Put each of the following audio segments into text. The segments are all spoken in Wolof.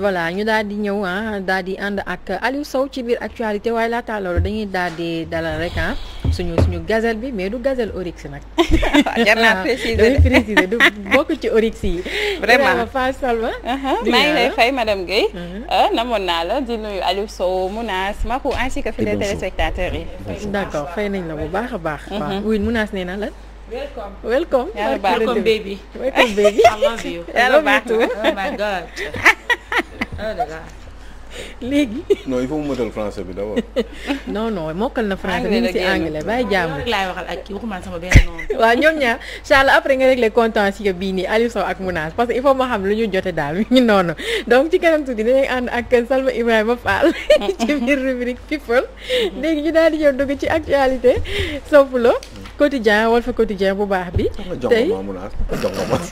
voilà ñu daal di ñëw ah daal di ànd ak Aliou Sow ci biir actualité waaye laata loolu dañuy daal di dalal rek ah, suñu suñu gazelle bi mais du gazelle oryx nag. jar naa ah, préciser du bokk ci oryx yi. vraiment Fatou Salma. Uh-huh. maa ngi lay fay madame Guèye. Uh-huh. Euh, namoon naa la di nuyu Aliou Sow Mounas Maku ainsi que fidèles téléspectateurs yi. d' accord nañ la bu baax a baax. Uh-huh. oui Mounas nee na la. welcome welcome. baby. welcome baby. I love you. I Ah, léegi. non il faut mu mëtal français bi d'abord. no non mokkal na français ñu ngi ci anglais bàyyi jàmm. laay ak kii waxuma sama benn ñoom ñaar Charles après nga réglé contentieux bii nii Aliou Sow ak Mounas parce que il faut ma xam lu ñu jote daal mi ngi noonu donc ci kanam tuuti dinañ ànd ak Salma Ibrahima Fall. ci biir rubrique people. léegi ñu daal di ñëw dugg ci actualité sopp la quotidien Walf Quotidien bu baax bi. tey jox ma Mounas jox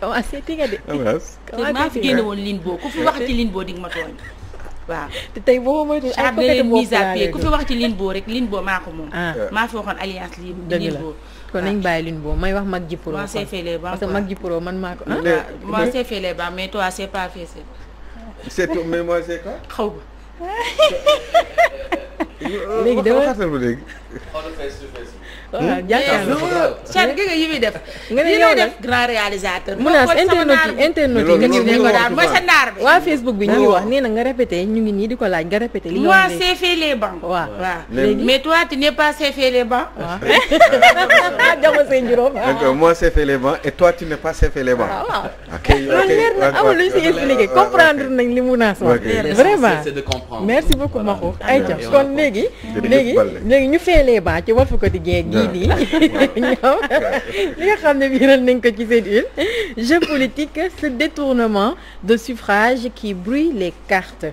commencé tiga de. commencé tiga maa fi génne woon ligne boo ku fi wax ci ligne boo dig ma tooñ. waaw te tey boo moytuwul ay côté de mise à pied ku fi wax ci ligne boo rek ligne boo maa ko moom. maa fi waxoon alliance li ligne kon nañ bàyyi ligne boo may wax mag ji pro. moi c'est fait les bas parce que mag ji pro man maa ko. moi c'est fait les bas mais toi c'est pas fait mais moi c'est quoi. xaw ma. léegi dama xatal bu léegi. xool waaw hmm? jàkkaarloo chat gi internet yi internet yi ko daal mooy sa ndaar bi. waa Facebook bi ñu ngi wax nee nga répété ñu ngi nii di ko laaj nga répété. li nga wax léegi moi c'est fait les bancs. waaw waaw mais toi tu n'es pas c'est fait les bancs. waaw ah. jàmm seen juróom. Ah. Ah, loolu leer na amul lu ñu si expliqué comprendre nañ li mun wax. vraiment merci beaucoup Makhou. ayca kon léegi. léegi léegi ñu fee les bancs ci Walf Quotidien gi nii ah. ñoom li nga xam ne ko ci seen une de suffrage qui brouille les cartes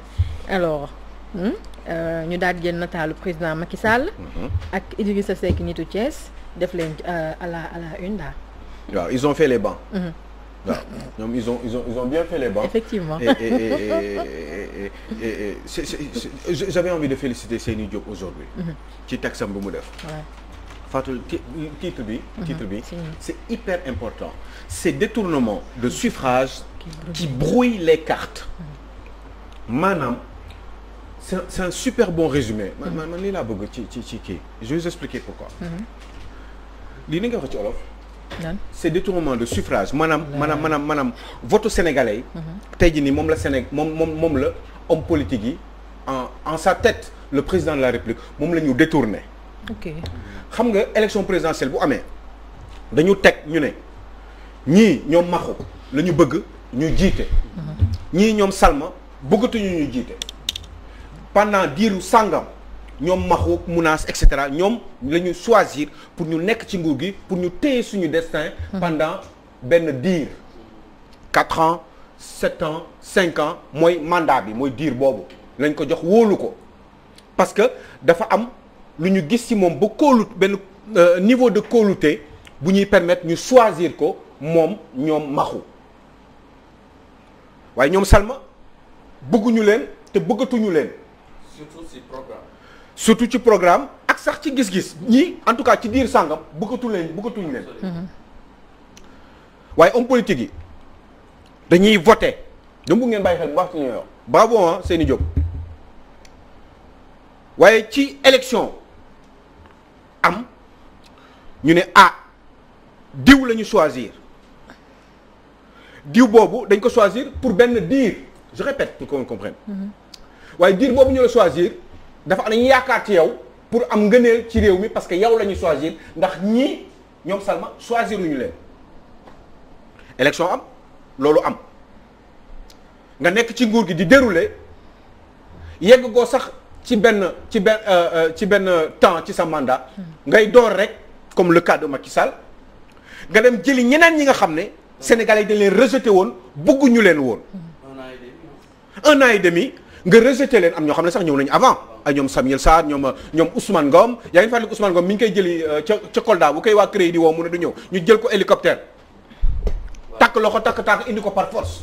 alors hmm, euh, ñu daal di natal nataalu président Macky mm-hmm. ak Idrissa Seck nitu euh, la à la ils ont fait les bancs mm-hmm. waaw ils ont bien fait les bancs effectivement j'avais envie de féliciter Seyni Diop aujourd'hui mm-hmm. ci taxam bi mu def Fatou titre bi mhm. titre bi c'est hyper important ces détournements de suffrage qui brouillent les cartes maanaam c'est c'est un super bon résumé man mhm. man man lii laa bëgg ci ci ci kii je pourquoi mhm. lii ni nga wax ci olof ces détournements de suffrage maanaam maanaam maanaam maanaam vote sénégalais yi tey jii nii moom la moom moom moom la homme politique yi en en sa tête le président de la République moom la ñu détourné ok xam nga élection présidentielle bu amee dañu teg ñu ne ñii ñoom maxu la ñu bëgg ñu jiite. Mhm. ñii ñoom salma bëggatuñu ñu jiite. pendant diiru sàngam ñoom maxu munaas et cetera ñoom la ñu choisir pour ñu nekk ci nguur gi pour ñu téye suñu destin. Mhm. pendant benn diir. quatre ans sept ans cinq ans mooy mandat bi mooy diir boobu lañ ko jox wóolu ko parce que dafa am. lu ñu gis ci moom ba kóolut benn euh, niveau de kóolute bu ñuy permettre ñu choisir ko moom ñoom maxu waaye ñoom Salma bëgguñu leen te bëggatuñu leen. surtout ci programme. ak sax ci gis-gis ñi en tout cas ci diir sàngam bëggatu leen bëggatuñu leen. Mhm. waaye homme politique yi dañuy voté dama bëgg ngeen bàyyi xel bu baax ci ñoom. bravo ah Seyni Diop waaye ci élection. am ñu ne ah diw lañu ñu choisir diw boobu dañ ko choisir pour benn diir je répète pour qu'on comprenne mm-hmm. waaye diir boobu ñu la choisir dafa dañu yaakaar ci yow pour am ngëneel ci réew mi parce que yow la ñu choisir ndax ñii ñoom Salma choisir lu ñu leen élection am loolu am nga nekk ci nguur gi di dérouler yegg goo sax ci benn ci benn euh, euh, ci benn temps ci sa mandat ngay door rek comme le cas de Macky Sall nga dem jëli ñeneen ñi nga xam ne sénégalais yi dañ leen rejeté woon bëgguñu leen woon un an et demi nga rejeté leen am ñoo xam ne sax ñëw nañu avant ay ñoom Samuel Sarr ñoom euh, ñoom Ousmane Ngom yaa ngi fàttaliku Ousmane Ngom mi ngi koy jëli ca ca Kolda bu koy waa CREI di woo mu ne du ñëw ñu jël ko hélicoptère takk loxo takk tànk indi ko par force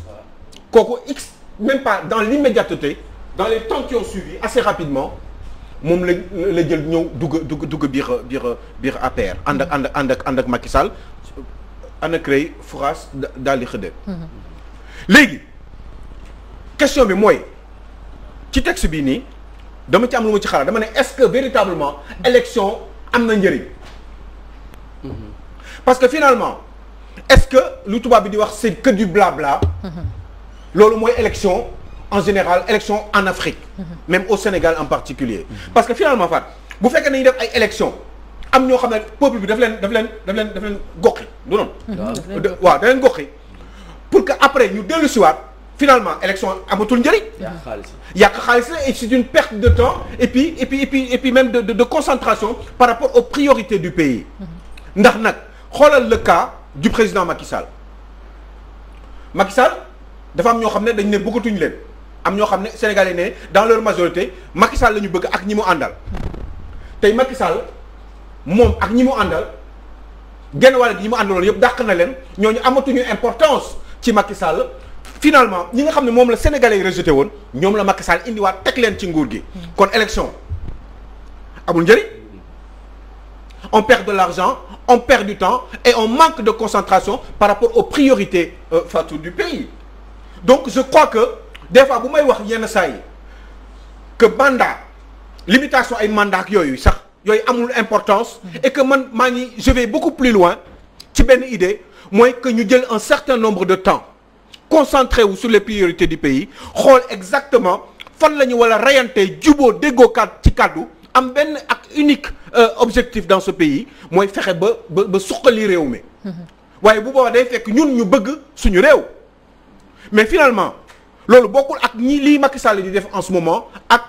kooku x même pas dans l'immédiateté dans les temps qui ont suivi assez rapidement moom la la jël ñëw dugg dugg dugg biir biir biir APR ànd ak ànd ak ànd ak ak Macky Sall ana daal di xëddeen léegi question bi mooy ci texte bii nii dama ci am lu ma ci xalaat dama ne est-ce que véritablement élection am na njëriñ mhm. parce que finalement est-ce que lu tubaab bi di wax c'est que du blabla mhm. loolu mooy élection en général élection en Afrique mhm. même au Sénégal en particulier parce que finalement Fat bu fekkee nañu def ay élection am ñoo xam ne peuple bi daf leen daf leen daf leen daf leen goqi du noonu mhm. waaw pour que après ñu dellu si waat finalement élection amatul njëriñ yàq xaalis la et c'est une perte de temps et puis et puis même de, de, concentration par rapport aux priorités du pays mhm. ndax nag xoolal le cas du président Macky Sall Macky Sall dafa am ñoo xam ne dañ ne bëggatuñ leen am ñoo xam ne sénégalais ne dans leur majorité Macky Sall la ñu bëgg ak ñi mu àndal tey Macky Sall moom ak ñi mu àndal genn wàll gi ñi mu àndaloon yëpp dàq na leen ñoo ñu amatuñu importance ci Macky Sall finalement ñi nga xam ne moom la sénégalais yi rejeté woon ñoom la Macky Sall indiwaat teg leen ci nguur gi. kon élection amul njëriñ on perd de l'argent on perd du temps et on manque de concentration par rapport aux priorités euh, Fatou du pays donc je crois des fois bu may wax yenn saa yi que mandat limitation ay mandat ak yooyu sax yooyu amul importance. Mhm. et que man maa ngi je vais beaucoup plus loin ci benn idée mooy que ñu jël un certain nombre de temps concentré wu sur les priorités du pays xool exactement fan la ñu war a reyantee juboo déggoo kat ci kàddu am benn ak unique euh, objectif dans ce pays mooy fexe ba ba ba suqali réew mi. Mhm. waaye bu boobaa day fekk ñun ñu bëgg suñu réew mais finalement. loolu bokkul ak ñi lii Macky Sall def en ce moment ak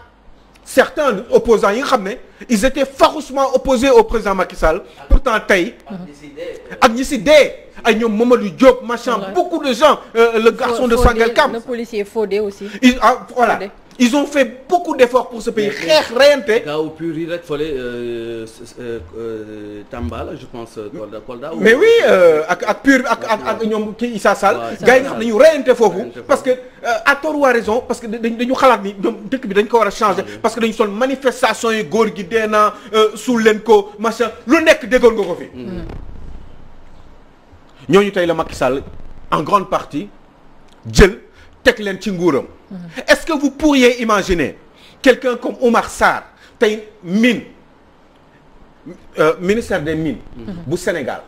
certains opposants yi nga xam ne ils étaient farouchement opposés au président Macky Sall pourtant tey ak ñi si dee ay ñoom Mamadou Diop machin beaucoup de gens euh, le garçon de Sangalkam le policier Fodé aussi ah voilà ils ont fait beaucoup d'efforts pour ce pays xeex reyante. yi rek fële euh, euh, euh, Tamba la je pense Kolda Kolda. mais oui ak ak pur ak ak ak ñoom kii Issa sa gars yi nga xam ne ñu reyante foofu. parce que à tort ou à raison parce que dañu xalaat ni ñoom dëkk bi dañ ko war a changer. parce que dañu sol manifestation yi góor gi dee naa suul leen ko machin lu nekk déggoon nga ko fi. Mm. ñooñu tey la Macky Sall en grande partie jël. teg leen ci nguurom est-ce que vous pourriez imaginer quelqu'un comme Oumar Sarr tey mine euh, ministère des mines. bu Sénégal.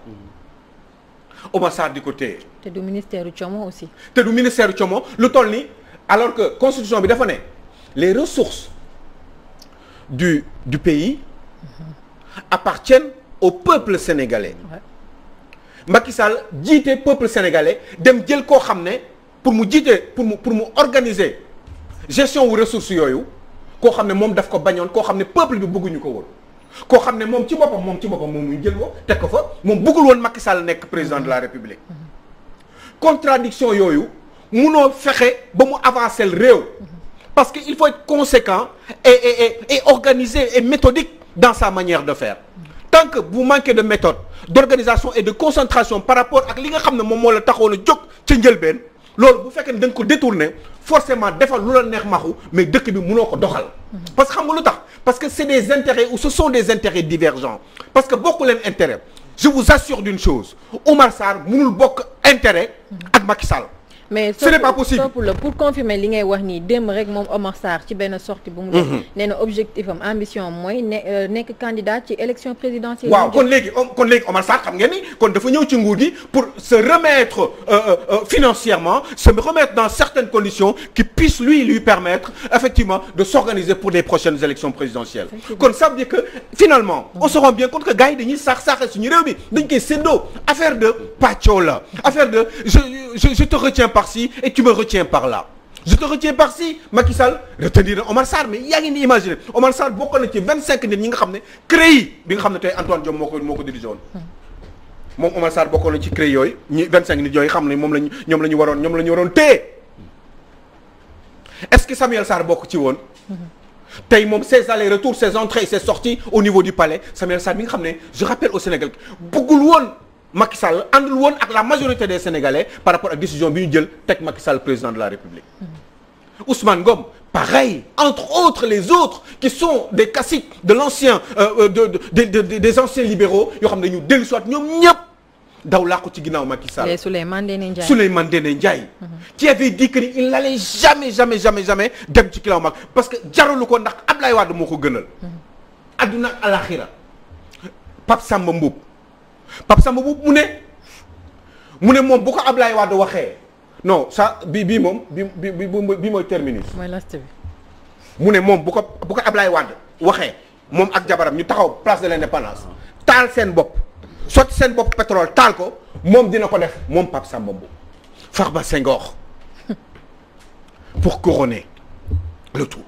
Oumar Sarr di côté téye. te du ministère du Como aussi. te du ministère du Como lu toll ni alors que constitution bi dafa ne les ressources du du pays appartiennent au peuple sénégalais. Macky Sall jiite peuple sénégalais dem jël koo xam ne. pour mu jiite pour mu pour mu organiser gestion wu ressources yooyu koo xam ne moom daf ko bañoon koo xam ne peuple bi bëgguñu ko woon koo xam ne moom ci boppam moom ci boppam moom mu jël ko teg ko fa moom bëggul woon Macky Sall nekk président de la République contradiction yooyu noo fexe ba mu avancer réew parce que il faut être conséquent et et et, méthodique dans sa manière de fair tant que vous manquez de méthode d'organisation et de concentration par rapport ak li nga xam ne moom moo la taxoon a jóg ca njëlbeen loolu bu fekkee ne da ko détourné forcément defal lu neex maxu mais dëkk bi mënoo ko doxal. parce que xam nga lu tax parce que c'est des intérêts ou ce sont des intérêts divergents parce que bokku leen intérêt je vous assure d'une chose Oumar Sarr mënul bokk intérêt ak Macky Sall. mais ce n'est pas possible pour confirmer li ngay wax nii Omar Sarr ci benn sortie bu mu def mhm. nee na objectif am ambition am mooy euh, candidat ci élection présidentielle waaw kon Omar Sarr xam ngeen ni kon dafa ñëw ci pour se remettre euh, euh, financièrement dans certaines conditions qui puissent lui lui permettre effectivement de s'organiser pour les prochaines élections présidentielles kon ça dire que finalement on se rend bien compte que gars yi dañuy saax saaxee suñu réew mi dañ koy séddoo affaire de pàccoo la affaire de je je par-ci et tu me retiens par-là je te Omar Sarr mais yaa ngi ni imaginer Omar Sarr bokkoon na ci vingt cinq nit ñi nga xam ne CREI bi nga xam ne tey Antoine Diome moo ko moo hmm. moom Omar Sarr bokkoon na ci CREI yooyu ñi vingt cinq nit yooyu xam ne moom la ñu waroon ñoom la ñu waroon téye est-ce que Samuel Sarr bokk ci woon hmm. tey moom se allers-retours ses entrées et ses sorties au niveau du palais Samuel Sarr mi nga xam ne je rappelle au Sénégal bëggul Macky Sall àndul woon ak la majorité des sénégalais par rapport ak décision bi ñu jël teg Macky Sall président de la république. Mm-hmm. Ousmane Ngom pareil entre autres les autres qui sont des caciques de l'ancien euh, euh, de, de, de, de des anciens libéraux yoo xam ne ñu dellu soit ñoom ñëpp daw laa ko ci ginnaaw Macky Sall. les Souleymane Ndéné ni Souleymane Ndéné Ndiaye. Mm-hmm. qui avait dit que il n'allait jamais jamais jamais jamais dem ci ginnaaw Macky parce que jaralu ko ndax Ablaye Wade moo ko gënal. Mm-hmm. adduna ak alaxira Pape Samba Pape Samba bu mu ne mu ne moom bu ko Ablaye Wade waxee non ça bi bii moom bi bi bi mooy terminus. mooy last bi. mu ne moom bu ko bu ko Ablaye Wade waxee moom ak jabaram ñu taxaw place de l'indépendance taal seen bopp sotti seen bopp pétrole taal ko moom dina ko def moom Pape Samba Mboup Farba Senghor pour couronner le tout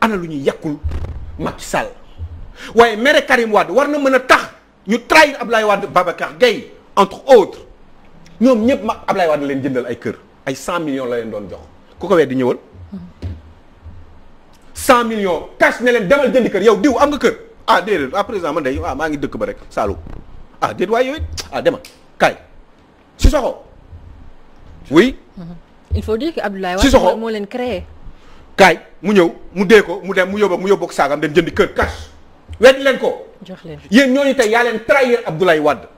ana lu ñuy yàqul Macky Sall waaye mere Karim Wade war na mën a tax. ñu trahir Ablaye Wade Babacar Gueye entre autres ñoom ñëpp ma Ablaye Wade leen jëndal ay kër ay cent la leen doon jox ku ko di ñëwal cent millions cash ne kër yow diw am nga kër ah maa ngi dëkk ba rek Saalum ah déet waaye yooyu ah demal kaay Sissoko oui. il faut dire que Abdoulaye Wade moo leen créé. kaay mu ñëw mu dee ko mu dem mu yóbbu mu yóbbu ak saagam dem jëndi kër cash. wedd leen ko. jox leen yéen ñooñu tey yaa leen trahir Abdoulaye Wade.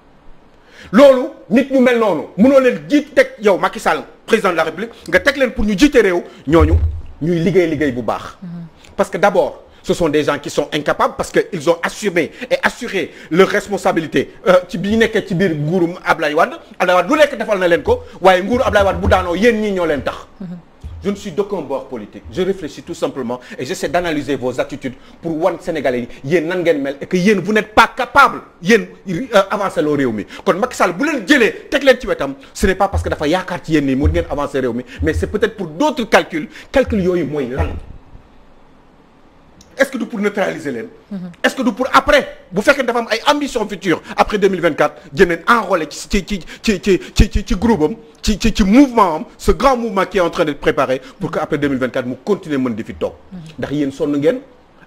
loolu nit ñu mel noonu mënoo leen jiit teg yow Macky Sall président de la République nga teg leen pour ñu jiite réew ñooñu ñuy liggéey liggéey bu baax. Mhm. parce que d'abord ce sont des gens qui sont incapables parce que ils ont assumé et assuré leur responsabilité euh, ci bi ñu nekkee ci biir nguurum Abdoulaye Wade Abdoulaye Wade lu nekk defal na leen ko waaye nguuru Abdoulaye Wade bu daanoo yéen ñii ñoo leen tax. Mhm. je ne suis d'aucun bord politique je réfléchis tout simplement et j'essaie d'analyser vos attitudes pour wan Sénégalais yi yéen nan ngeen mel et que yéen n'êtes pas capable yéen euh, avancer loo réew mi kon Macky Sall bu leen jëlee teg leen ci wetam ce n'est pas parce que dafa yaakaar ci yéen nii mu ngeen avancer réew mi mais c'est peut-être pour d'autres calculs calculs yooyu mooy lan est-ce que du pour neutraliser leen. est-ce que du pour après bu fekkee dafa am ay ambition future après 2024 jëneen ci ci ci ci ci ci ci ci groupe ci ci grand mouvement qui est en train d'être préparé pour que après mu continuer mën di fi toog. ndax yéen sonn ngeen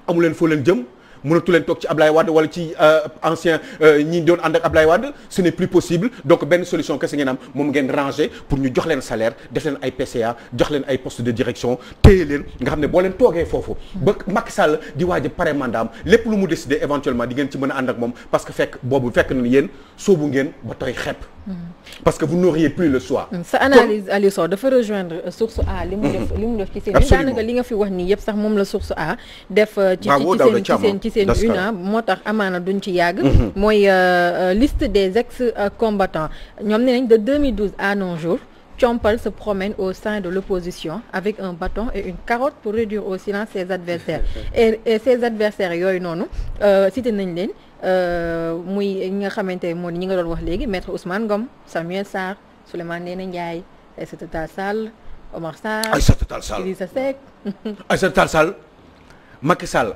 amu leen jëm. mënatu leen toog ci Ablaye Wade wala ci euh, ancien euh, ñi doon ànd ak Ablaye Wade ce n'est plus possible donc benn solution kese ngeen am moom ngeen ranger pour ñu jox leen salaire def leen ay PCA jox leen ay poste de direction téye leen nga xam ne boo leen toogee foofu ba Macky Sall di waaj pare mandaam lépp lu mu décider éventuellement di ngeen ci mën a ànd ak moom parce que fekk boobu fekk na yéen soobu ngeen ba tooy xepp mm-hmm. parce que vous n'auriez plus le choix. Mm, seen una moo tax amaana duñ ci yàgg mhm. mooy euh, euh, liste des ex combattants ñoom ne nañ de 2012 à nos jours Chompal se promène au sein de l'opposition avec un bâton et une carotte pour réduire au silence ses adversaires et, ses adversaires yooyu noonu euh, cité nañ leen muy ñi nga xamante moo di ñi nga doon wax léegi maître Ousmane Ngom Samuel Sarr Souleymane Ndéné Ndiaye Aïssata Tall Sall Omar Sarr Aïssata Tall Sall Idrissa Seck Aïssata Tall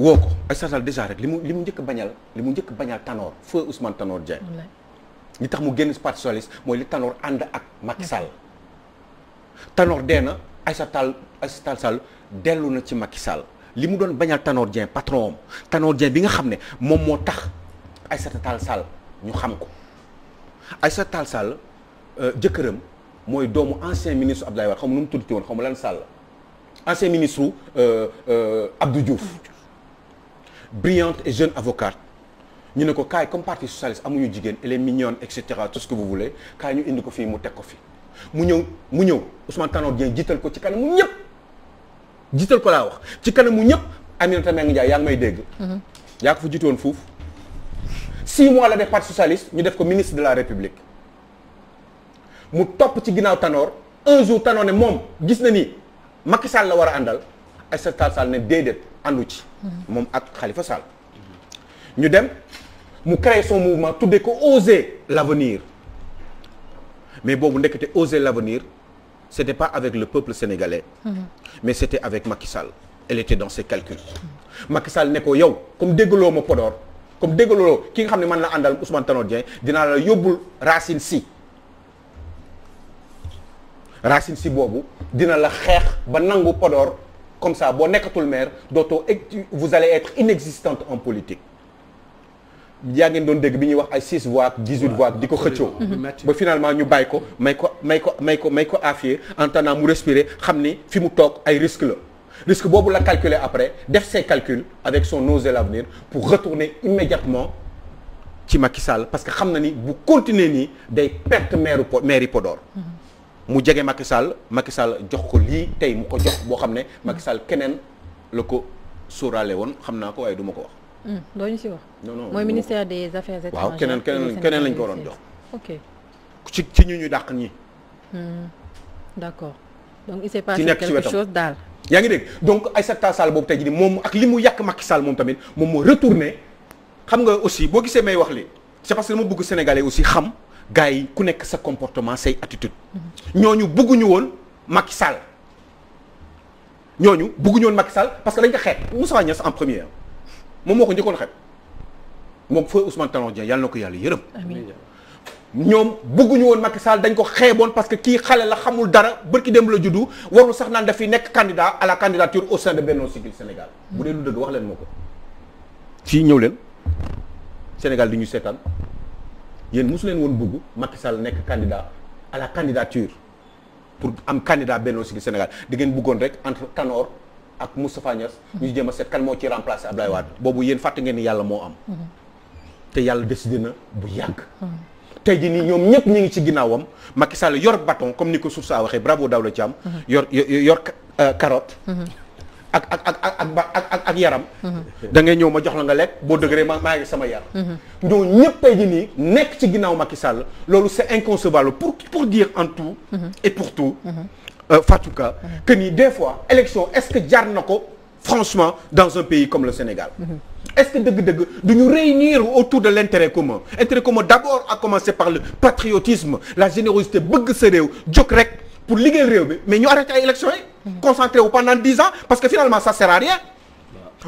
woo ko Aïssata Tall déjà rek li mu li mu njëkk bañal li mu njëkk bañal Tanor feu Ousmane Tanor Dieng li tax mu génn parti socialiste mooy li Tanor ànd ak Macky Sall Tanor dee na Aïssata Tall Aïssata Tall dellu na ci Macky Sall li mu doon bañal Tanor Dieng patron am Tanor bi nga xam ne moom moo tax Aïssata Tall Sall ñu xam ko Aïssata Tall Sall euh, jëkkëram mooy doomu ancien ministre Abdoulaye Wade xaw ma nu mu tuddati woon xaw ma lan Sall ancien ministre euh, euh, Abdou Diouf brillante et jeune avocate ñu ne ko kaay comme parti socialiste amuñu jigéen elle est mignonne et cetera tout ce que vous voulez kaay ñu indi ko fii mu teg ko fi mu ñëw mu ñëw Ousmane Tanor Dieng jiital ko ci kanamu ñëpp jiital ko laa wax ci kanamu ñëpp Aminata Mbengue Ndiaye yaa ngi may dégg. Mhm. yaa ko fa jiitoon foofu. six mois la def parti socialiste ñu def ko ministre de la république mu topp ci ginnaaw Tanor un jour Tanor ne moom gis na ni Macky Sall la war a àndal Aïssata Tall àndu ci. moom ak Khalifa Sall. ñu dem mu créer son mouvement tuddee ko oser l'avenir mais boobu ndekete oser l'avenir c'était pas avec le peuple sénégalais. Mm-hmm. mais c'était avec Macky Sall. elle était dans ses calculs. Macky Sall ne ko yow comme déggaloo ma Podor comme déggaloo ki nga xam ne man la àndal Ousmane Tanor Dieng dinaa la yóbbul Racine si Racine si boobu dina la xeex ba nangu Podor. comme ça boo nekkatul maire dootoo vous allez être inexistante en politique yaa ngeen doon dégg bi ñuy wax ay 6 voix ak 18 voix ak di ko xëccoo. ba finalement ñu bàyyi ko may ko may ko may ko may ko affier en mu respirer xam ni fi mu toog ay risque la risque boobu la calculer après def ses calculs avec son oser l'avenir pour retourner immédiatement ci Macky Sall parce que xam na ni bu continuer nii day perte maire maire mm-hmm. mu jege Macky Sall Macky Sall jox ko lii tey mu ko jox boo xam ne Macky Sall keneen la ko sóoraale woon xam naa ko waaye duma ko wax. Hmm, doo ñu si wax. non non mooy ministère des affaires étrangères. waaw keneen keneen keneen lañ ko doon jox. ok ci ci ñu ñu dàq ñi. Hmm, d' accord donc il s' est passé quelque chose daal. yaa ngi dégg donc Aïssata Tall boobu tey jii moom ak li mu yàq Macky Sall moom tamit moom moo retourné xam nga aussi boo gisee may wax li c' est parce que dama aussi xam. gars yi ku nekk sa comportement say attitude ñooñu bugguñu woon Macky Sall ñooñu bugguñu woon Macky Sall parce que dañ ko xeeb Moussa Niass en premier moom moo ko njëkkoon moo moom feu Ousmane Tanor Dieng yàlla na ko yàlla yërëm ñoom bugguñu woon Macky Sall dañ ko xeeboon parce que kii xale la xamul dara bërki dem la juddu warul sax naan dafiy nekk candidat à la candidature au sein de Benno Siggil Sénégal bu dee lu dëgg wax leen moo ko ñëw leen Sénégal di ñu seetaan yéen mosu leen woon bëgg Macky Sall nekk candidat à la candidature pour am candidat Benno Siggil Sénégal da ngeen bëggoon rek entre kanoor ak Moustapha Niass. ñu mhm. jéem a seet moo ci remplacer Ablaye Wade. boobu yéen fàtte ngeen ni yàlla moo am. Mhm. te yàlla décidé na bu yàgg. Mhm. tey jii nii ñoom ñëpp ñu ngi ci ginnaawam Macky Sall yor bâton comme ni ko suuf saa waxee bravo la Thiam. yor yor yor euh, carotte. ak ak ak ak ak ak ak yaram. Mhm. da ngay ñëw ma jox la nga lekk boo dëgëree ma maa sama yaram. Mhm. ñoo ñëpp ni nekk ci ginnaaw Macky Sall loolu c' est inconcevable pour pour dire en tout. Mhm. et pour tout. Euh, Fatou Ka que des fois élection est ce que jar na ko franchement dans un pays comme le Sénégal. est ce que dëgg-dëgg du ñu réunir autour de l' intérêt commun intérêt commun d' à commencer par le patriotisme la générosité bëgg sa réew jog rek pour liggéeyal réew bi mais ñu arrêté concentré wu pendant dix ans parce que finalement ça sert à rien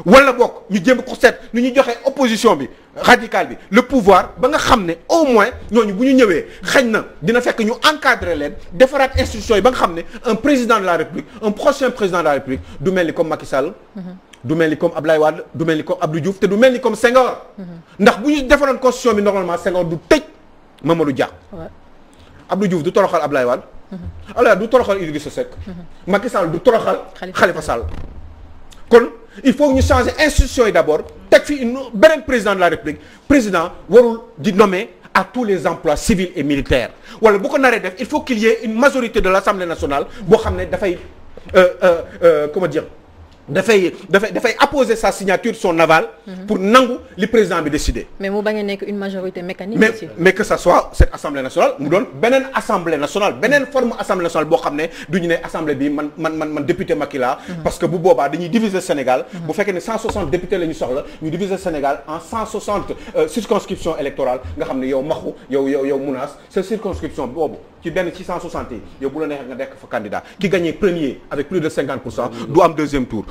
wala bokk ñu jëm ko seet nu ñu joxe opposition bi radicale bi le pouvoir ba nga xam ne au moins ñooñu bu ñu ñëwee xañ na dina fekk ñu encadrer leen defaraat institution yi ba nga xam ne un président de la république un prochain président de la république du mel ni comme Macky Sall. du mel ni comme Abdoulaye Wade du mel ni comme Abdou Diouf te du mel ni comme Senghor. ndax bu ñu defaroon constitution bi normalement Senghor du tëj Mamadou Dia. Abdou Diouf du toroxal Abdoulaye Wade. Mhm. alors du toroxal Idrissa Seck. Mhm. Macky Sall du toroxal. Khalifa Sall kon il faut ñu changer institution yi d' abord teg fi une beneen président de la république président warul di nommer à tous les emplois civils et militaires wala bu ko naree def il faut qu'il y ait une majorité de l' assemblée nationale boo xam ne dafay euh, euh, euh, comment dire. dafay dafay dafay apposer sa signature son aval. Mhm. pour nangu li président bi décidé. mais mu bañ a nekk une majorité mécanique. mais mais que ça soit cette assemblée nationale mu doon beneen assemblée nationale beneen mhm. forme assemblée nationale boo xam ne du ñu ne assemblée bi man man man man député Macky laa mhm. parce que bu boobaa dañuy diviser Sénégal. bu fekkee ne 160 députés la soxla ñu diviser Sénégal en 160 euh, circonscriptions nga xam ne yow maxu yow yow yow munaas circonscription boobu ci benn ci 160 yi yow bu la neexee nga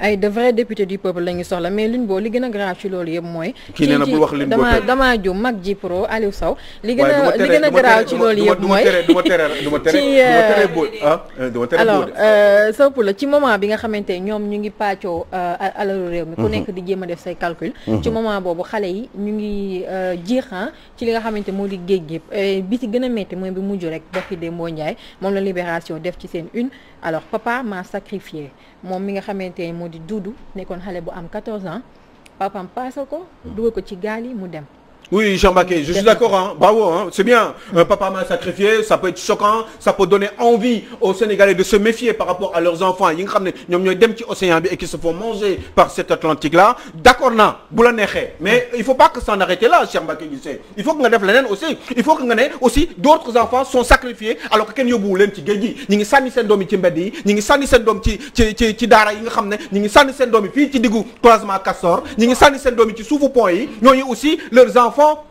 ay de vrais député du peuple la ñu soxla mais Lune Bo li gën a grave ci loolu yëpp mooy. ki nee na bul wax Lune Bo dama dama ju mag ji pro Aliou Sow. li gën a li gën a grave ci loolu yëpp mooy du ma tere du ma tere du ma tere alors euh, sopp ci moment bi nga xamante ñoom ñu ngi paajoo euh, alalu réew mi. ku mhm. nekk di jéem a def say calcul. Mhm. ci moment boobu xale yi ñu ngi euh, jeexan ah, ci li nga xamante moo di géej gépp bi ci gën a métti mooy bi mujj rek bokki de Mbow Ndiaye moom la libération def ci seen une. alors papa m'a sacrifié moom mi nga xamante ne moo di Doudou nekkoon xale bu am 14 ans papam paasal ko dugal ko ci gaal yi mu dem Oui, Jean Baquet, je suis d'accord hein. Bravo c'est bien. papa mal sacrifié, choquant, ça donner envie aux Sénégalais de se méfier par rapport à leurs enfants yi nga xam ne ñoom ñooy dem ci océan bi et qui se font manger par cet Atlantique là. D'accord na, bu la neexee. Mais il faut pas que s'en arrêter là, Cheikh Mbacké Il faut que nga def leneen aussi. Il faut que nga ne aussi d'autres enfants sont sacrifiés alors que kenn yóbbuwu leen ci géej gi. Ñi ngi sànni seen seen doom ci ci ci ci daara yi nga xam ne ñi ngi seen doom yi fii ci diggu croisement Castor, ñi ngi enfants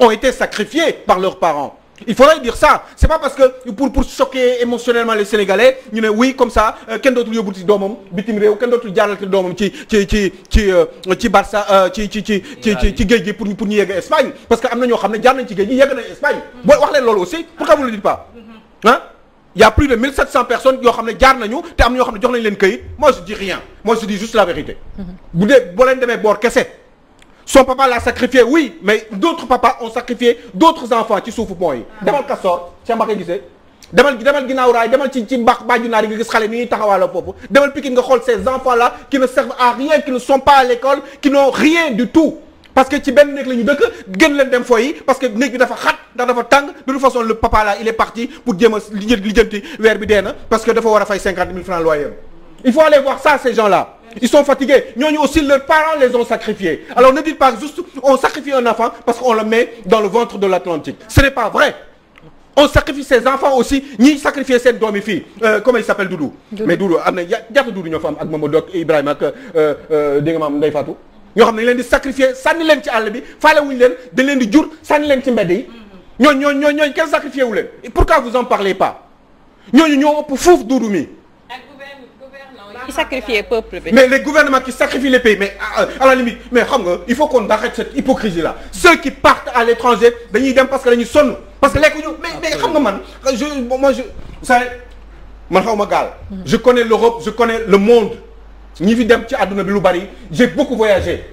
ont été sacrifiés par leurs parents. Il faudrait dire ça. C'est pas parce que pour pour choquer émotionnellement les Sénégalais ñu ne oui comme ça euh, kenn dootul yóbbu ci doomam bitim réew kenn dootul jaaral ci doomam ci ci ci ci euh, ci Barça euh, ci pour pour ñu Espagne parce que am na ñoo xam ne jaar nañ ci géej gi yegg nañ Espagne. booy wax leen loolu aussi pourquoi vous ne le dites pas. ah y a plus de 1700 personnes yoo xam am ñoo xam ne leen këyit mm-hmm. boo leen demee son papa l'a sacrifié oui mais d'autres papas ont sacrifié d'autres enfants ci suufu pont yi. demal Kastoor ca Mbacke gisee. demal demal ginnaaw raay demal ci ci mbaax bàjju naar yi nga gis xale ni ñuy taxawaaloo foofu demal Pikine nga xool ces enfants là qui ne servent à rien qui ne sont pas à l'école qui n'ont rien du tout. parce que ci benn néeg la ñu dëkk gën leen dem fooyi parce que néeg dafa xat ndax dafa tàng de toute façon papa là il est parti pour jéem a lijjanti weer bi dee na parce que dafa war a fay cinquante mille francs loyer il faut ils sont ñooñu aussi leurs parents les ont sacrifiés alors ne dites pas juste on sacrifie un enfant parce qu'on le met dans le ventre de l'Atlantique ce n'est pas vrai on sacrifie ses enfants aussi ñiy sacrifier seen doomi fii euh, il s'appelle Doudou mais Doudou am na ñaata Doudou ñoo fa am ak Mamadou ak Ibrahima ak euh, euh, di nga ma am Ndeye Fatou ñoo xam ne dañ leen di sacrifier sànni leen ci àll bi faale wuñu leen dañ leen di jur sànni leen ci mbedd yi ñooñ ñooñ ñooñ ñooñ kenn sacrifié wu leen pourquoi vous en parlez pas ñooñu ñoo ëpp fuuf Doudou mi sacrifier peuple bi. mais les gouvernements qui sacrifient les pays mais à, euh, à la mais xam nga il faut qu'on arrête cette hypocrisie là ceux qui partent à l'étranger dañuy dem parce que dañuy sonn parce que lekk ñu mais mais xam nga man je xaw ma gaal. Mm-hmm. je connais l'Europe je connais le monde ñi fi dem ci àdduna bi lu bari j'ai beaucoup voyagé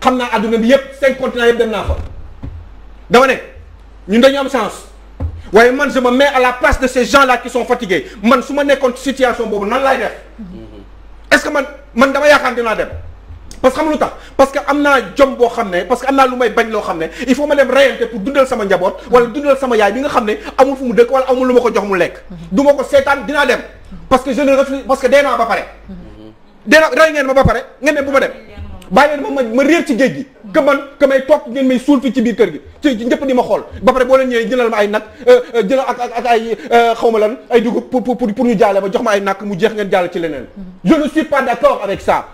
xam naa àdduna bi yépp cinq continents yépp dem naa fa dama ne ñun dañu am chance. waaye man je me mets à la place de ces gens-là qui sont fatigués man su ma nekkoon situation boobu nan laay def mm-hmm. est-ce que man man dama yaakaar dinaa dem parce que xam lu tax parce que am naa jom boo xam ne parce que am naa lu may bañ loo xam ne il faut ma dem reyante pour dundal sama njaboot wala dundal sama yaay bi nga xam ne amul fu mu dëkk wala amul lu ma ko jox mu lekk mm-hmm. du ma ko seetaan dinaa dem parce que je ne refuse parce que dee naa ba pare mm-hmm. dee naa rey ngeen ma ba pare ngeen bu ma dem bàyyi leen ma ma réer ci géej gi que man que may toog ngeen may suul ci biir kër gi ci ñëpp di ma xool ba pare boo leen ñëwee jëlal ma ay nag euh, euh, jëlal ak ak ay euh, xaw ma lan ay dugub pour pour pour ñu jaale ma jox ma ay nak mu jeex ngeen jàll ci leneen. Mm-hmm. je ne suis pas d'accord avec ça.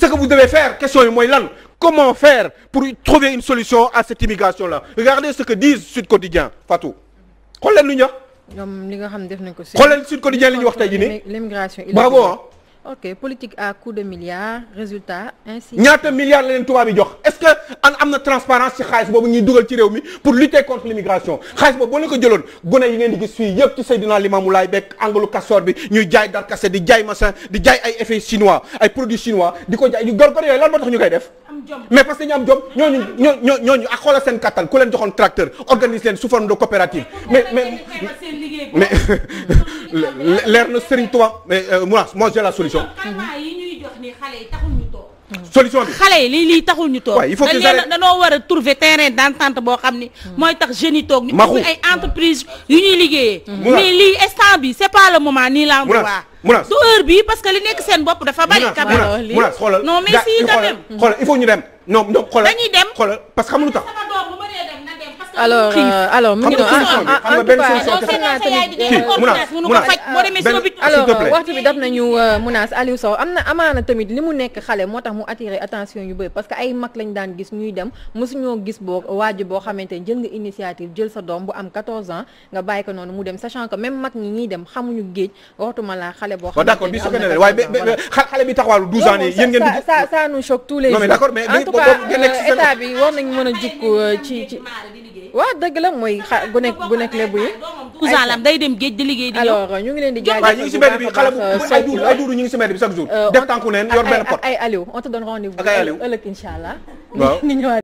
ce que vous devez faire question yi mooy lan comment faire pour trouver une solution à cette immigration la regardez ce que disent Sud Quotidien Fatou xool leen lu ñu li nga xam def nañ ko. Sud Quotidien xool leen wax tey jii ok politique à coup de milliards résultat ainsi. ñaata milliards la leen tubaab yi jox est-ce que an am na transparence ci xaalis boobu ñuy dugal ci réew mi pour lutter contre l'immigration xaalis boobu boo leen ko jëloon gone yi ngeen di gis fii yëpp ci Seydina Limamou Laye bekk angalu Kastoor bi ñuy jaay darkase di jaay machin di jaay ay effets chinois ay produits chinois di ko jaay yu gorgor yooyu lan moo tax ñu koy def. mais parce que ñu am jom ñooñu ñoo ñooñu ak xoolal seen kattan ku leen joxoon tracteur organise leen sous forme de coopérative mais mais leer na Serigne Touba mais euh, moi moi j'ai la solution. solution bi xale yi lii lii taxul ñu toog. il war a trouver terrain d'entente boo xam ni. Hmm. mooy tax jeunes yi toog. maxu ay entreprise yu ñuy liggéeyee. mais lii instant bi c'est pas le moment nii laa. munaas du heure bii parce que li nekk seen bopp dafa bari. munaas non mais si quand même. xoolal dem. non non xoolal dañuy parce que xamuñu tax. alors euh, alors mu ngi noonu en tout cas alors waxtu bi daf nañu euh, Mounas Aliou Sow am na amaana tamit li mu nekk xale moo tax mu attiré attention yu bëri parce que ay mag lañ daan gis ñuy dem mosuñoo gis boo waaju boo xamante ne jël nga jël sa doom bu am 14 ans bàyyi ko noonu mu dem sa que même mag ñi ñuy dem xamuñu géej waxtuma la xale boo xamante ne am na waaye xale bi taxawaalu 12 ans yéen ngeen ça ça nous choque tous les jours en tout euh, bi war nañ mën a jukk ci ci waa dëgg la mooy xa gu nekk gu nekk lébu yi. cousin lam day dem géej di liggéey di ñëw. ñu ngi leen di jaajëfal ñu ngi si mbedd bi xale bu ay duuru ñu ngi si mbedd bi chaque jour. Euh, def tànku neen yor benn pot ay Aliou on te donne rendez ak ay Aliou ëllëg incha allah. waaw